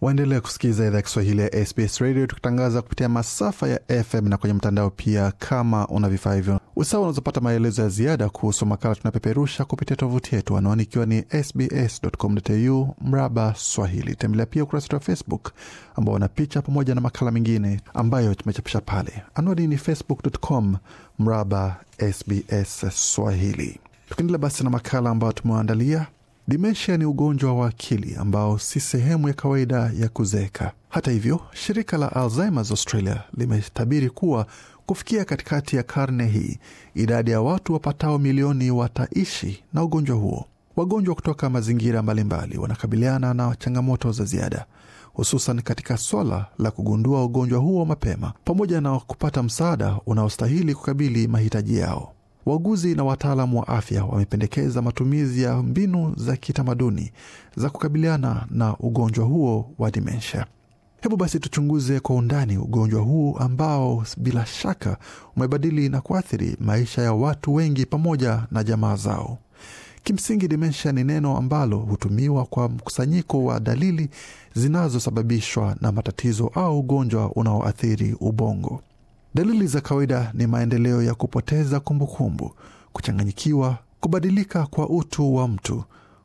Waendelea kusikiliza idhaa ya Kiswahili ya SBS Radio, tukitangaza kupitia masafa ya FM na kwenye mtandao pia. Kama una vifaa hivyo usawa, unazopata maelezo ya ziada kuhusu makala tunapeperusha kupitia tovuti yetu, anwani ikiwa ni sbs.com.au mraba swahili. Tembelea pia ukurasa wetu wa Facebook ambao una picha pamoja na makala mengine ambayo tumechapisha pale, anwani ni facebook.com mraba sbs swahili. Tukiendelea basi na makala ambayo tumewaandalia Dementia ni ugonjwa wa akili ambao si sehemu ya kawaida ya kuzeeka. Hata hivyo, shirika la Alzheimer's Australia limetabiri kuwa kufikia katikati ya karne hii, idadi ya watu wapatao milioni wataishi na ugonjwa huo. Wagonjwa kutoka mazingira mbalimbali wanakabiliana na changamoto za ziada hususan katika swala la kugundua ugonjwa huo mapema pamoja na kupata msaada unaostahili kukabili mahitaji yao. Wauguzi na wataalamu wa afya wamependekeza matumizi ya mbinu za kitamaduni za kukabiliana na ugonjwa huo wa dimensha Hebu basi tuchunguze kwa undani ugonjwa huu ambao bila shaka umebadili na kuathiri maisha ya watu wengi pamoja na jamaa zao. Kimsingi, dimensha ni neno ambalo hutumiwa kwa mkusanyiko wa dalili zinazosababishwa na matatizo au ugonjwa unaoathiri ubongo. Dalili za kawaida ni maendeleo ya kupoteza kumbukumbu, kuchanganyikiwa, kubadilika kwa utu wa mtu,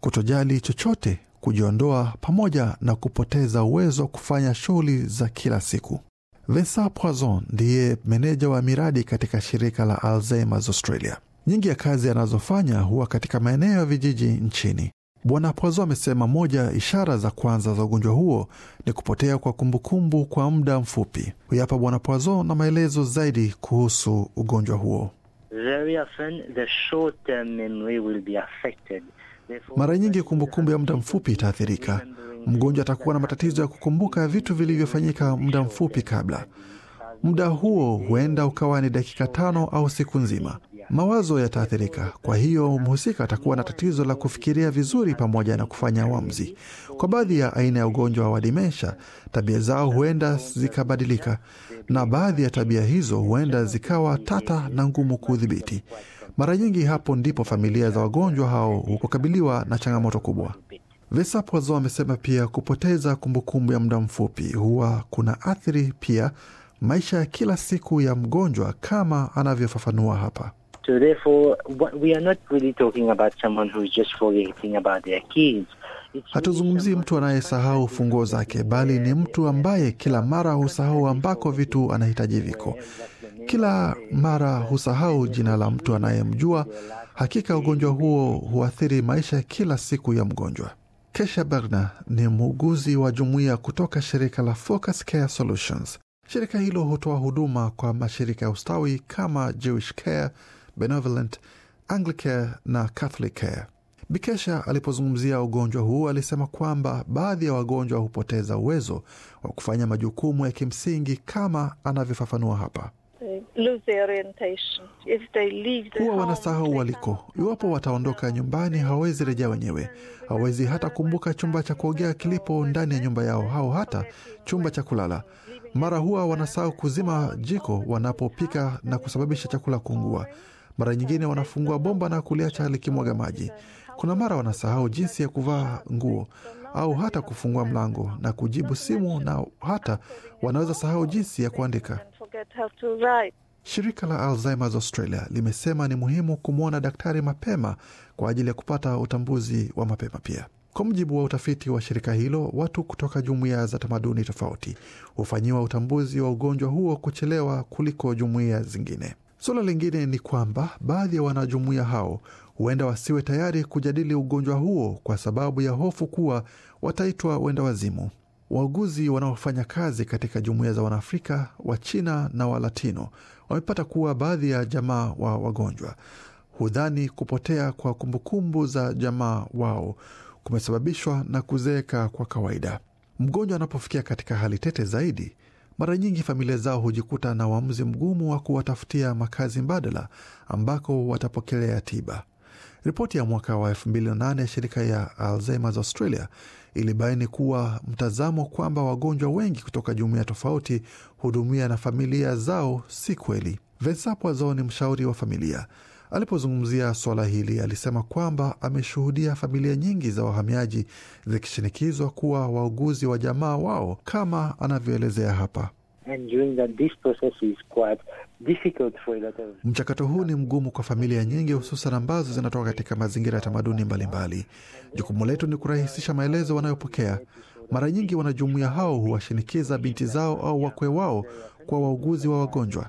kutojali chochote, kujiondoa, pamoja na kupoteza uwezo wa kufanya shughuli za kila siku. vensa Poison ndiye meneja wa miradi katika shirika la Alzheimer's Australia. Nyingi ya kazi anazofanya huwa katika maeneo ya vijiji nchini. Bwana Pozo amesema moja ishara za kwanza za ugonjwa huo ni kupotea kwa kumbukumbu kwa muda mfupi. Huyu hapa Bwana Pozo na maelezo zaidi kuhusu ugonjwa huo. Mara nyingi kumbukumbu ya muda mfupi itaathirika. Mgonjwa atakuwa na matatizo ya kukumbuka vitu vilivyofanyika muda mfupi kabla. Muda huo huenda ukawa ni dakika tano au siku nzima mawazo yataathirika. Kwa hiyo mhusika atakuwa na tatizo la kufikiria vizuri pamoja na kufanya uamuzi. Kwa baadhi ya aina ya ugonjwa wa dimensha, tabia zao huenda zikabadilika, na baadhi ya tabia hizo huenda zikawa tata na ngumu kudhibiti. Mara nyingi hapo ndipo familia za wagonjwa hao hukabiliwa na changamoto kubwa. Vesapwazo amesema pia kupoteza kumbukumbu ya muda mfupi huwa kuna athiri pia maisha ya kila siku ya mgonjwa kama anavyofafanua hapa. So therefore, we are not really talking about someone is just forgetting about their keys. Hatuzungumzii mtu anayesahau funguo zake, bali ni mtu ambaye kila mara husahau ambako vitu anahitaji viko. Kila mara husahau jina la mtu anayemjua. Hakika ugonjwa huo huathiri maisha kila siku ya mgonjwa. Kesha Berna ni muuguzi wa jumuiya kutoka shirika la Focus Care Solutions. Shirika hilo hutoa huduma kwa mashirika ya ustawi kama Jewish Care Benevolent Anglicare na Catholicare. Bikesha alipozungumzia ugonjwa huu alisema kwamba baadhi ya wagonjwa hupoteza uwezo wa kufanya majukumu ya kimsingi kama anavyofafanua hapa. Huwa wanasahau waliko. Iwapo wataondoka nyumbani, hawawezi rejea wenyewe, hawawezi hata kumbuka chumba cha kuogea kilipo ndani ya nyumba yao au hata chumba cha kulala. Mara huwa wanasahau kuzima jiko wanapopika na kusababisha chakula kuungua. Mara nyingine wanafungua bomba na kuliacha likimwaga maji. Kuna mara wanasahau jinsi ya kuvaa nguo au hata kufungua mlango na kujibu simu, na hata wanaweza sahau jinsi ya kuandika. Shirika la Alzheimer's Australia limesema ni muhimu kumwona daktari mapema kwa ajili ya kupata utambuzi wa mapema pia. Kwa mujibu wa utafiti wa shirika hilo, watu kutoka jumuiya za tamaduni tofauti hufanyiwa utambuzi wa ugonjwa huo kuchelewa kuliko jumuiya zingine. Suala lingine ni kwamba baadhi ya wanajumuiya hao huenda wasiwe tayari kujadili ugonjwa huo kwa sababu ya hofu kuwa wataitwa wenda wazimu. Wauguzi wanaofanya kazi katika jumuiya za Wanaafrika, wa China na Walatino wamepata kuwa baadhi ya jamaa wa wagonjwa hudhani kupotea kwa kumbukumbu za jamaa wao kumesababishwa na kuzeeka kwa kawaida. Mgonjwa anapofikia katika hali tete zaidi, mara nyingi familia zao hujikuta na uamuzi mgumu wa kuwatafutia makazi mbadala ambako watapokelea tiba. Ripoti ya mwaka wa 2008 ya shirika ya Alzheimer's Australia ilibaini kuwa mtazamo kwamba wagonjwa wengi kutoka jumuiya tofauti hudumia na familia zao si kweli. Vesapwazo ni mshauri wa familia Alipozungumzia swala hili, alisema kwamba ameshuhudia familia nyingi za wahamiaji zikishinikizwa kuwa wauguzi wa jamaa wao, kama anavyoelezea hapa. Mchakato huu ni mgumu kwa familia nyingi, hususan ambazo zinatoka katika mazingira ya tamaduni mbalimbali. Jukumu letu ni kurahisisha maelezo wanayopokea. Mara nyingi wanajumuia hao huwashinikiza binti zao au wakwe wao kwa wauguzi wa wagonjwa.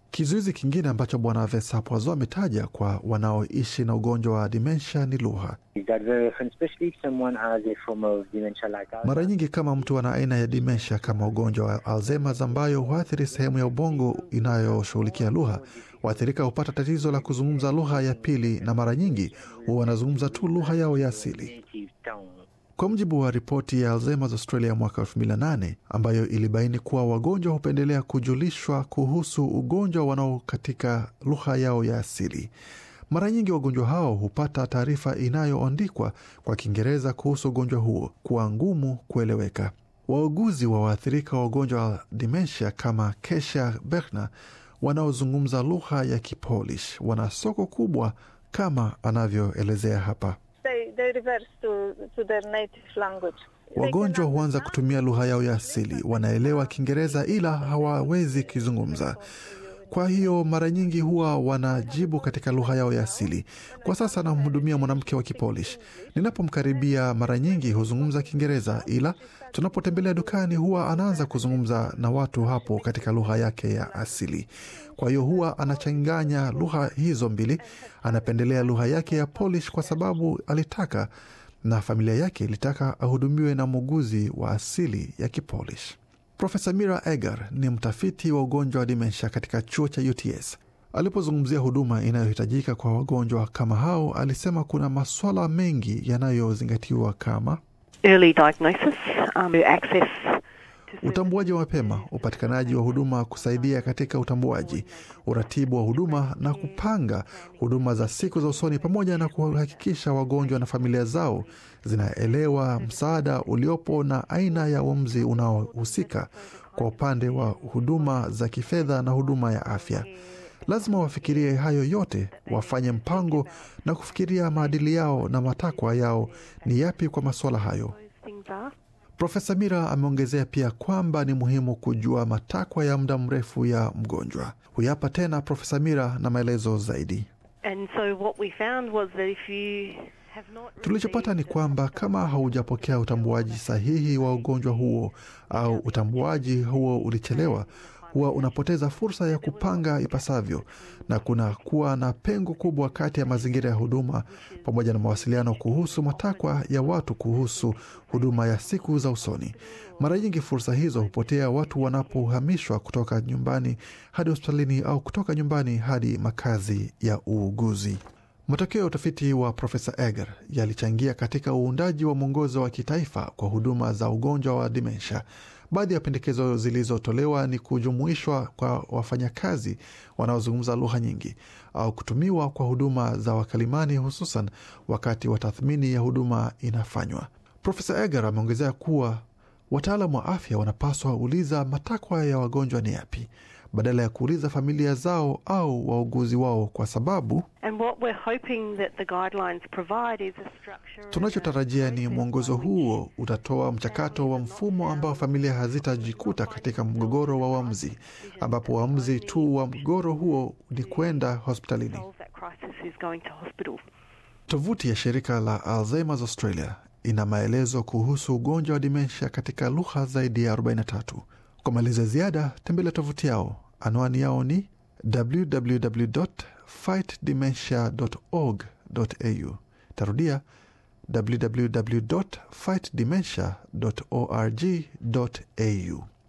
Kizuizi kingine ambacho Bwana Vesapwazo ametaja kwa wanaoishi na ugonjwa wa dimensha ni lugha. Mara nyingi kama mtu ana aina ya dimensha kama ugonjwa wa Alzheimer's ambayo huathiri sehemu ya ubongo inayoshughulikia lugha, waathirika hupata tatizo la kuzungumza lugha ya pili, na mara nyingi huwa wanazungumza tu lugha yao ya asili. Kwa mujibu wa ripoti ya Alzheimer's Australia mwaka 2008 ambayo ilibaini kuwa wagonjwa hupendelea kujulishwa kuhusu ugonjwa wanao katika lugha yao ya asili. Mara nyingi wagonjwa hao hupata taarifa inayoandikwa kwa Kiingereza kuhusu ugonjwa huo kuwa ngumu kueleweka. Wauguzi wa waathirika wa ugonjwa wa dimensia kama Kesha Berna wanaozungumza lugha ya Kipolish wana soko kubwa kama anavyoelezea hapa to, to their native language. Wagonjwa huanza kutumia lugha yao ya asili, wanaelewa Kiingereza ila hawawezi kizungumza. Kwa hiyo mara nyingi huwa wanajibu katika lugha yao ya asili. Kwa sasa namhudumia mwanamke wa Kipolish. Ninapomkaribia mara nyingi huzungumza Kiingereza, ila tunapotembelea dukani huwa anaanza kuzungumza na watu hapo katika lugha yake ya asili. Kwa hiyo huwa anachanganya lugha hizo mbili. Anapendelea lugha yake ya Polish kwa sababu alitaka na familia yake ilitaka ahudumiwe na muuguzi wa asili ya Kipolish. Profesa Mira Egar ni mtafiti wa ugonjwa wa dimensha katika chuo cha UTS. Alipozungumzia huduma inayohitajika kwa wagonjwa kama hao, alisema kuna maswala mengi yanayozingatiwa kama Early diagnosis, um, access Utambuaji wa mapema, upatikanaji wa huduma kusaidia katika utambuaji, uratibu wa huduma na kupanga huduma za siku za usoni, pamoja na kuhakikisha wagonjwa na familia zao zinaelewa msaada uliopo na aina ya uamuzi unaohusika kwa upande wa huduma za kifedha na huduma ya afya. Lazima wafikirie hayo yote, wafanye mpango na kufikiria maadili yao na matakwa yao ni yapi kwa masuala hayo. Profesa Mira ameongezea pia kwamba ni muhimu kujua matakwa ya muda mrefu ya mgonjwa. Huyapa tena Profesa Mira na maelezo zaidi. Tulichopata ni kwamba kama haujapokea utambuaji sahihi wa ugonjwa huo au utambuaji huo ulichelewa, huwa unapoteza fursa ya kupanga ipasavyo, na kuna kuwa na pengo kubwa kati ya mazingira ya huduma pamoja na mawasiliano kuhusu matakwa ya watu kuhusu huduma ya siku za usoni. Mara nyingi fursa hizo hupotea watu wanapohamishwa kutoka nyumbani hadi hospitalini au kutoka nyumbani hadi makazi ya uuguzi. Matokeo ya utafiti wa Profesa Eger yalichangia katika uundaji wa mwongozo wa kitaifa kwa huduma za ugonjwa wa dimensha. Baadhi ya pendekezo zilizotolewa ni kujumuishwa kwa wafanyakazi wanaozungumza lugha nyingi au kutumiwa kwa huduma za wakalimani, hususan wakati wa tathmini ya huduma inafanywa. Profesa Eger ameongezea kuwa wataalam wa afya wanapaswa uliza matakwa ya wagonjwa ni yapi badala ya kuuliza familia zao au wauguzi wao, kwa sababu tunachotarajia ni mwongozo huo utatoa mchakato wa mfumo ambao familia hazitajikuta katika mgogoro wa uamuzi, ambapo uamuzi tu wa mgogoro huo ni kwenda hospitalini. Tovuti ya shirika la Alzheimer's Australia ina maelezo kuhusu ugonjwa wa dimensha katika lugha zaidi ya 43. Kwa maliza ziada, tembelea tovuti yao, anwani yao ni www.fightdementia.org.au. Tarudia au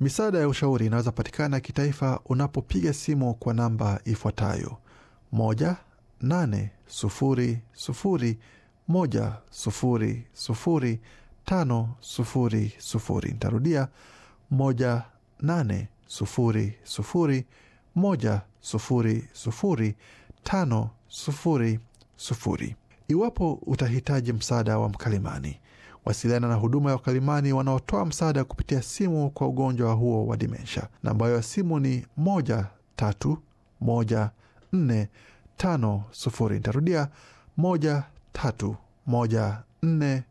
Misaada ya ushauri inaweza patikana kitaifa unapopiga simu kwa namba ifuatayo moja, nane, sufuri, sufuri, moja, sufuri, sufuri, tano, sufuri, sufuri. Nitarudia moja nane sufuri sufuri moja sufuri sufuri tano sufuri sufuri. Iwapo utahitaji msaada wa mkalimani, wasiliana na huduma ya wakalimani wanaotoa msaada kupitia simu kwa ugonjwa huo wa dimensha. Namba ya simu ni moja tatu moja nne tano sufuri. Nitarudia moja tatu moja nne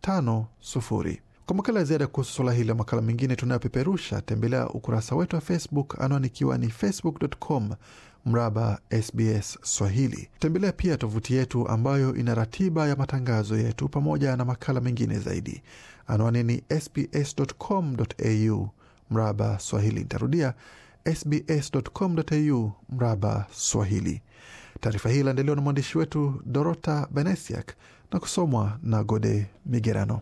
tano sufuri. Kwa makala ya ziada kuhusu swala hili la makala mengine tunayopeperusha, tembelea ukurasa wetu wa Facebook, anwani ikiwa ni facebook.com mraba SBS Swahili. Tembelea pia tovuti yetu ambayo ina ratiba ya matangazo yetu pamoja na makala mengine zaidi. Anwani ni sbs.com.au mraba Swahili. Nitarudia sbs.com.au mraba Swahili. Taarifa hii ilaendelewa na mwandishi wetu Dorota Benesiak na kusomwa na Gode Migerano.